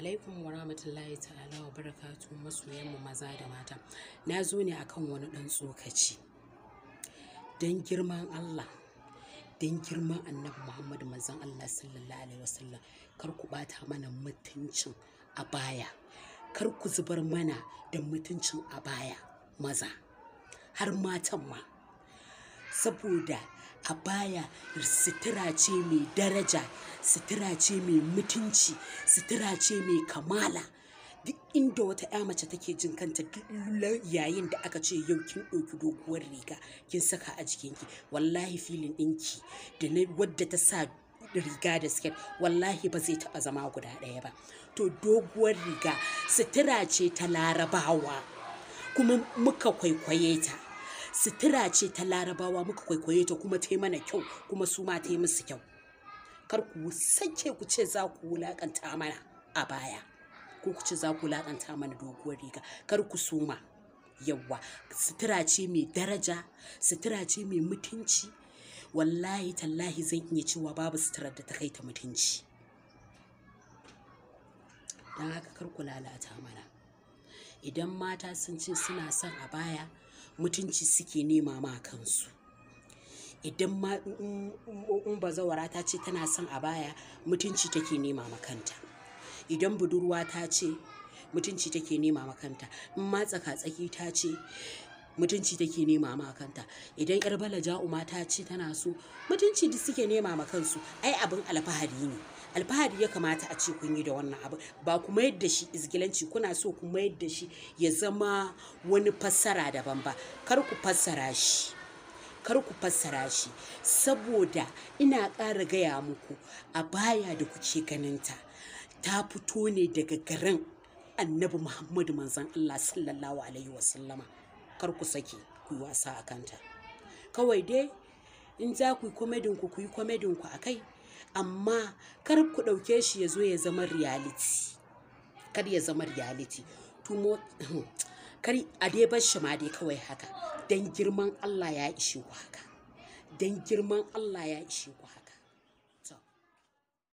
alaikum wa rahmatullahi ta'ala wa barakatu masoyanmu maza da mata. Na zo ne akan wani ɗan tsokaci. dan girman Allah, dan girman annabi Muhammad manzon Allah sallallahu alaihi wasallam kar ku bata mana mutuncin a baya. Kar ku zubar mana da mutuncin a baya maza har matan ma. Saboda a baya sitira ce mai daraja sitira ce mai mutunci sitira ce mai kamala duk inda wata ya mace take jin kanta yayin da aka ce yau kin ɗauki doguwar riga kin saka a jikinki wallahi filin ɗinki da na wadda ta sa riga da siket wallahi ba zai taɓa zama guda ɗaya ba to doguwar riga sutura ce ta larabawa kuma muka kwaikwaye ta sutura ce ta larabawa muka kwaikwaye ta kuma ta mana kyau kuma su ma ta yi musu kyau kar ku sake ku ce za ku wulakanta mana a baya ko ku ce za ku wulakanta mana doguwar riga kar ku suma yawwa sutura ce mai daraja sutura ce mai mutunci wallahi tallahi zan iya cewa babu suturar da ta kai ta mutunci Dan haka kar ku lalata mana idan mata sun ce suna son a baya mutunci suke nema ma kansu idan ma in ta ce tana son a baya mutunci take nema ma kanta idan budurwa ta ce mutunci take nema ma kanta in ma tsaka-tsaki ta ce mutunci take nema ma kanta idan yar bala ja'uma ta ce tana so mutunci duk suke nema ma kansu ai abin alfahari ne alfahari ya kamata a ce kun yi da wannan abu ba ku mayar da shi izgilanci kuna so ku mayar da shi ya zama wani fassara daban ba kar ku fassara shi kar ku fassara shi saboda ina ƙara gaya muku a baya da kuke ganinta ta fito ne daga garin annabi muhammadu manzon allah sallallahu alaihi wasallama kar ku sake ku yi wasa a kanta kawai dai in za ku yi komedin ku ku yi komedin ku kai amma kar ku ɗauke shi ya zo ya zama reality kar ya zama reality tumo kar a dai bar shi ma dai kawai haka dan girman Allah ya ishe ku haka dan girman Allah ya ishe ku haka